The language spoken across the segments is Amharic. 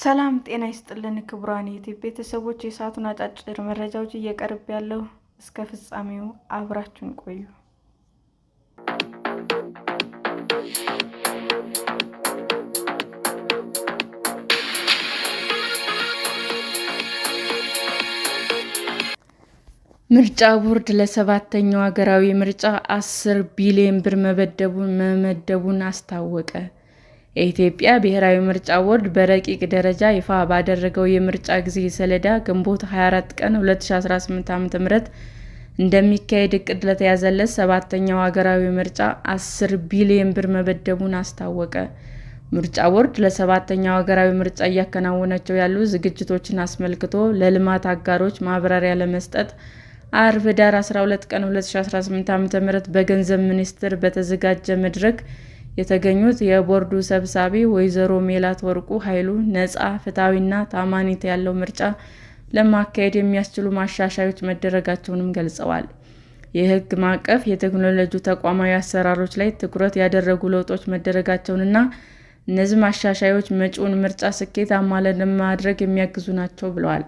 ሰላም ጤና ይስጥልን ክቡራን ዩቲ ቤተሰቦች፣ የሰዓቱን አጫጭር መረጃዎች እየቀርብ ያለው እስከ ፍጻሜው አብራችሁን ቆዩ። ምርጫ ቦርድ ለሰባተኛው ሀገራዊ ምርጫ አስር ቢሊዮን ብር መመደቡን አስታወቀ። የኢትዮጵያ ብሔራዊ ምርጫ ቦርድ በረቂቅ ደረጃ ይፋ ባደረገው የምርጫ ጊዜ ሰሌዳ ግንቦት 24 ቀን 2018 ዓ.ም እንደሚካሄድ እቅድ ለተያዘለት ሰባተኛው ሀገራዊ ምርጫ አስር ቢሊዮን ብር መመደቡን አስታወቀ። ምርጫ ቦርድ ለሰባተኛው ሀገራዊ ምርጫ እያከናወናቸው ያሉ ዝግጅቶችን አስመልክቶ ለልማት አጋሮች ማብራሪያ ለመስጠት አርብ ዳር 12 ቀን 2018 ዓ.ም በገንዘብ ሚኒስቴር በተዘጋጀ መድረክ የተገኙት የቦርዱ ሰብሳቢ ወይዘሮ ሜላት ወርቁ ኃይሉ ነፃ፣ ፍትሐዊና ታማኒት ያለው ምርጫ ለማካሄድ የሚያስችሉ ማሻሻያዎች መደረጋቸውንም ገልጸዋል። የሕግ ማዕቀፍ፣ የቴክኖሎጂ ተቋማዊ አሰራሮች ላይ ትኩረት ያደረጉ ለውጦች መደረጋቸውንና እነዚህ ማሻሻያዎች መጪውን ምርጫ ስኬታማ ለማድረግ የሚያግዙ ናቸው ብለዋል።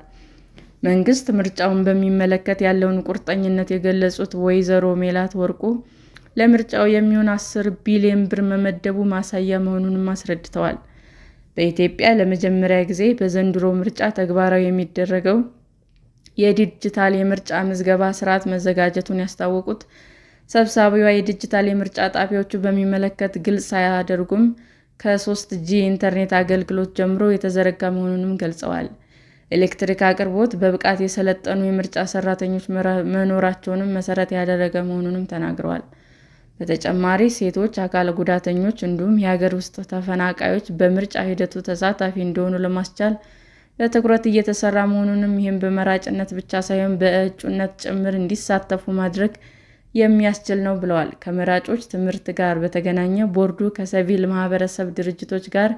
መንግስት ምርጫውን በሚመለከት ያለውን ቁርጠኝነት የገለጹት ወይዘሮ ሜላት ወርቁ ለምርጫው የሚሆን አስር ቢሊዮን ብር መመደቡ ማሳያ መሆኑንም አስረድተዋል። በኢትዮጵያ ለመጀመሪያ ጊዜ በዘንድሮ ምርጫ ተግባራዊ የሚደረገው የዲጂታል የምርጫ ምዝገባ ስርዓት መዘጋጀቱን ያስታወቁት ሰብሳቢዋ የዲጂታል የምርጫ ጣቢያዎቹ በሚመለከት ግልጽ አያደርጉም ከሶስት ጂ ኢንተርኔት አገልግሎት ጀምሮ የተዘረጋ መሆኑንም ገልጸዋል። ኤሌክትሪክ አቅርቦት በብቃት የሰለጠኑ የምርጫ ሰራተኞች መኖራቸውንም መሰረት ያደረገ መሆኑንም ተናግረዋል። በተጨማሪ ሴቶች፣ አካል ጉዳተኞች እንዲሁም የሀገር ውስጥ ተፈናቃዮች በምርጫ ሂደቱ ተሳታፊ እንዲሆኑ ለማስቻል በትኩረት እየተሰራ መሆኑንም ይህም በመራጭነት ብቻ ሳይሆን በእጩነት ጭምር እንዲሳተፉ ማድረግ የሚያስችል ነው ብለዋል። ከመራጮች ትምህርት ጋር በተገናኘ ቦርዱ ከሲቪል ማህበረሰብ ድርጅቶች ጋር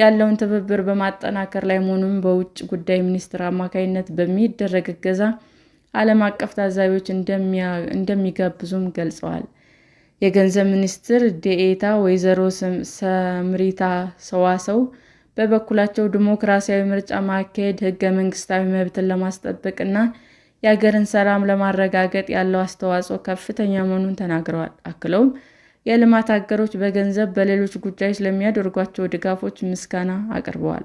ያለውን ትብብር በማጠናከር ላይ መሆኑን በውጭ ጉዳይ ሚኒስቴር አማካኝነት በሚደረግ እገዛ ዓለም አቀፍ ታዛቢዎች እንደሚጋብዙም ገልጸዋል። የገንዘብ ሚኒስትር ዴኤታ ወይዘሮ ሰምሪታ ሰዋሰው በበኩላቸው ዲሞክራሲያዊ ምርጫ ማካሄድ ሕገ መንግስታዊ መብትን ለማስጠበቅ እና የሀገርን ሰላም ለማረጋገጥ ያለው አስተዋጽኦ ከፍተኛ መሆኑን ተናግረዋል። አክለውም የልማት አጋሮች በገንዘብ፣ በሌሎች ጉዳዮች ለሚያደርጓቸው ድጋፎች ምስጋና አቅርበዋል።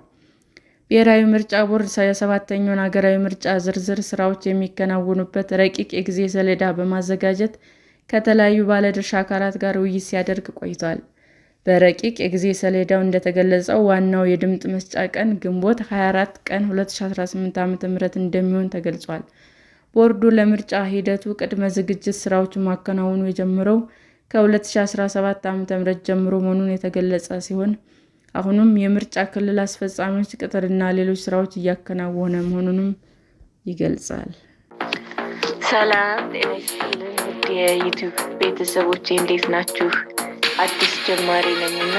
ብሔራዊ ምርጫ ቦርድ የሰባተኛውን ሀገራዊ ምርጫ ዝርዝር ስራዎች የሚከናወኑበት ረቂቅ የጊዜ ሰሌዳ በማዘጋጀት ከተለያዩ ባለድርሻ አካላት ጋር ውይይት ሲያደርግ ቆይቷል። በረቂቅ የጊዜ ሰሌዳው እንደተገለጸው ዋናው የድምፅ መስጫ ቀን ግንቦት 24 ቀን 2018 ዓ.ም እንደሚሆን ተገልጿል። ቦርዱ ለምርጫ ሂደቱ ቅድመ ዝግጅት ስራዎች ማከናወኑ የጀመረው ከ2017 ም ጀምሮ መሆኑን የተገለጸ ሲሆን አሁንም የምርጫ ክልል አስፈጻሚዎች ቅጥርና ሌሎች ስራዎች እያከናወነ መሆኑንም ይገልጻል። ሰላም ጤና ይስጥልን ውድ ቤተሰቦች እንዴት ናችሁ? አዲስ ጀማሪ ነኝና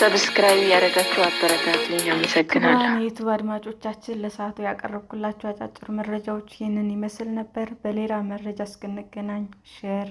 ሰብስክራይብ ያደረጋችሁ አበረታትልኝ። አመሰግናለሁ። የዩቱብ አድማጮቻችን ለሰዓቱ ያቀረብኩላችሁ አጫጭር መረጃዎች ይህንን ይመስል ነበር። በሌላ መረጃ እስክንገናኝ ሼር